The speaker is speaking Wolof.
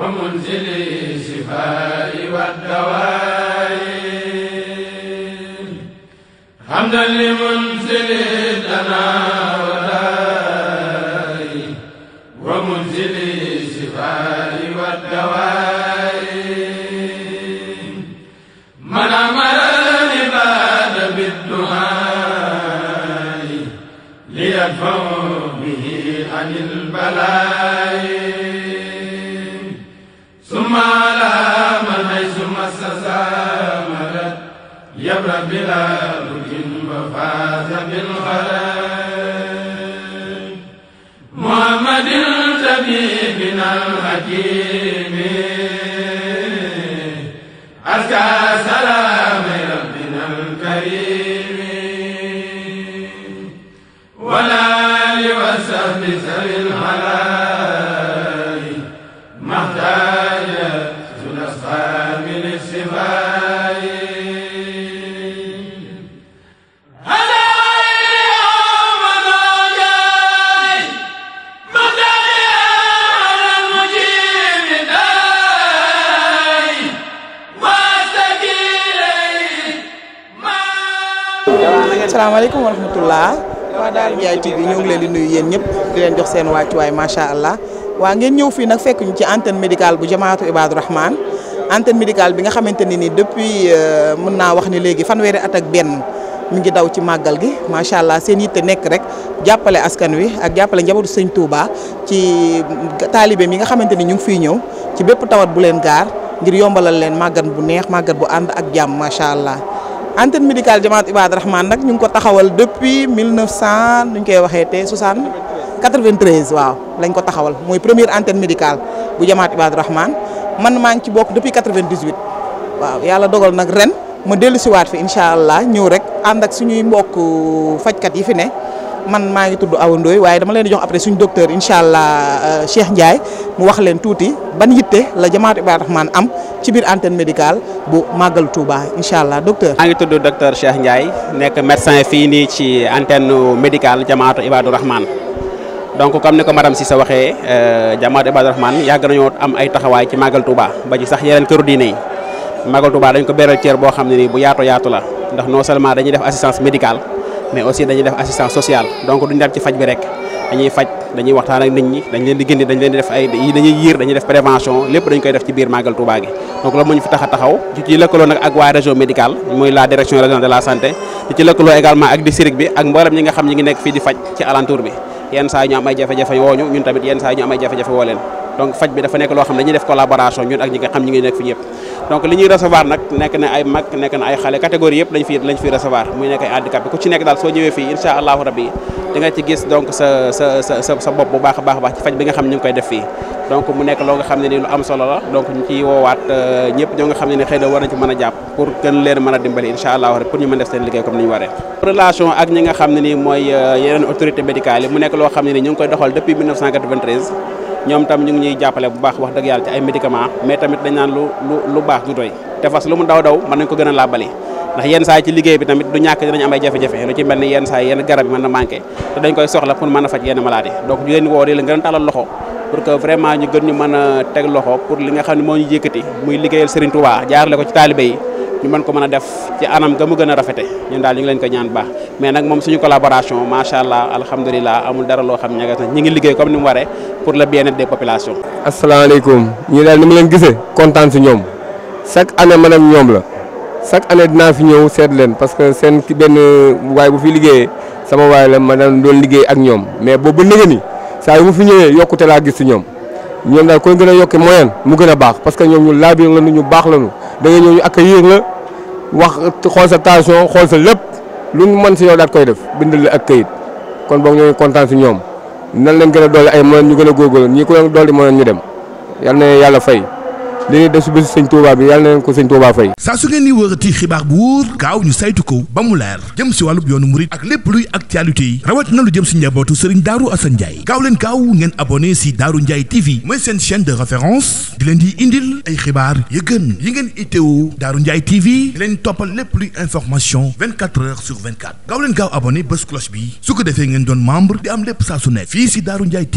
ومنزل الشفاء والدواء حمدا لمنزل لنا ومنزل الشفاء والدواء من أمر العباد بالدعاء ليدفع به عن البلاء غدر بلا ملك وفاز بالخلاء محمد طبيبنا الحكيم أزكى سلام ربنا الكريم ولا لوسف سر الحلال محتاج سلسطان من السفاح asalaamaaleykum wa rahmatullah waa Daara Ndiaye TV ñu ngi leen di nuyu yéen ñëpp di leen jox seen anten medical allah waa ngeen ñëw fii nag fekk ñu ci antenne médicale bu jamaatu Ibadu Rahman antenne médicale bi nga xamante ne depuis euh, mën naa wax ni léegi fanweeri at ak benn mi ngi daw ci màggal gi macha allah seen yitte nekk rek jàppale askan wi ak jàppale njabootu sëñ Touba ci taalibe mi nga xamante ñu ngi fiy ci bépp tawat bu leen gaar ngir yombalal leen bu neex bu ak allah. antenne médicale jamaat Ibad Rahman nag ñu ngi ko taxawal depuis mille neuf cent nu koy waxee te soixante 93 waaw lañ ko taxawal mooy première antenne médicale bu jamaat Ibad Rahman man maa ngi ci bokk depuis 98 waaw yàlla dogal nag ren ma dellu siwaat fi incha allah ñëw rek ànd suñuy mbokk fajkat yi fi ne man maa ngi tudd Awa Ndoye waaye dama leen di jox après suñu docteur incha allah euh, Cheikh Ndiaye mu wax leen tuuti ban yitte la jamaat Ibad Rahman am ci biir antenne médical bu màggal Touba incha allah docteur. maa ngi tudd docteur Cheikh Ndiaye nekk médecin fii nii ci antenne médicale jamaatu Ibadou Rahman donc comme ni ko si sa waxee euh, jamaatu Ibadou Rahman yàgg nañoo am ay taxawaay ci màggal Touba ba ci sax yeneen këru diine yi màggal Touba dañ ko beral teer boo xam ne nii bu yaato yaatu la ndax non seulement dañuy def assistance médical mais aussi dañuy def assistance sociale donc duñ dem ci faj bi rek. dañuy faj dañuy waxtaan ak nit ñi dañ leen di génne dañ leen di def ay dañuy yiir dañuy def prévention lépp dañ koy def ci biir màggal Touba gi donc loolu moo fi tax a taxaw ci ci lëkkaloo nag ak waa région médicale muy la direction régionale de la santé di ci lëkkaloo également ak district bi ak mboolem ñi nga xam ñi ngi nekk fii di faj ci alentour bi yenn saa ñu am ay jafe-jafe wooñu ñun tamit yenn saa ñu am jafe-jafe woo donc faj bi dafa nekk donc li ñuy recevoir nag nekk na ay mag nekk na ay xale catégorie yëpp lañ fi lañ fi recevoir muy nekk ay handicapé ku ci nekk daal soo ñëwee fii incha allahu rabbi di nga ci gis donc sa sa sa sa bopp bu baax a baax baax ci faj bi nga xam ne ñu ngi koy def fii donc mu nekk loo nga xam ne ni lu am solo la donc ñu ciy woowaat euh, ñëpp ñoo nga xam ne ni xëy na war nañ ci a jàpp pour gën leen mën a dimbali incha allahu rabbi pour ñu mën def seen ne ni mooy euh, yeneen autorité médicale yi mu loo xam ne ñu ngi koy doxal depuis 1993 ñoom tam ñu ngi ñuy jàppale bu baax wax dëgg yàlla ci ay médicaments mais tamit dañ naan lu lu lu baax du doy te fas lu mu daw daw mën nañ ko gën a laabali ndax yenn saa yi ci liggéey bi tamit du ñàkk dinañ am ay jafe-jafe lu ci mel ni yenn saa yi yenn garab yi mën na manqué te dañ koy soxla pour mën a faj yenn maladie donc ñu leen woo di la gën a loxo pour que vraiment ñu gën ñu mën a teg loxo pour li nga xam ne moo ñu yëkkati muy liggéeyal Serigne Touba jaarale ko ci taalibe yi ñu mën ko mën a def ci anam ga mu gën a rafete ñun daal ñu leen ko ñaan baax mais nag moom suñu collaboration macha allah alhamdulilah amul dara loo xam ñagas na ñi ngi liggéey comme ni mu waree pour le bien-être des populations. asalaamaaleykum ñu kontaan si ñoom chaque année man ak ñoom la chaque année dinaa fi ñëw seet leen parce que seen benn waay bu fi liggéeyee sama waay la ma daan doon liggéey ak ñoom mais boobu ba ni saa yu mu fi ñëwee yokkute laa gis si ñoom ñoom daal koy gën a yokki moyen mu gën a baax parce que ñoom ñu laabir lañu ñu baax lañu da nga ñëw ñu accueillir la wax xool sa tension xool sa lépp lu man si yow daat koy def bind la ak kayit kon boog ñoo ngi kontaan si ñoom nan leen gën a dolli ay moyen ñu gën a góorgóorlu ñii ko leen dolli moyen ñu dem yal na yàlla fay. li ñuy def si bési sëñ Touba bi yàlla na ko sëñ Touba fay saa su ngeen di wërati xibaar bu gaaw ñu saytu ko ba mu leer jëm si wàllub yoonu murit ak lépp luy actualité yi rawat na lu jëm si njabootu sëriñ Daaru Asan Njaay gaaw gaaw ngeen abonné si Daaru Njaay TV mooy seen chaîne de référence di leen di indil ay xibaar yu gën yi ngeen itteewu Daaru Njaay TV di leen toppal lépp luy information 24 heures sur 24 gaaw leen gaaw abonné bés cloche bi su ko defee ngeen doon membre di am lépp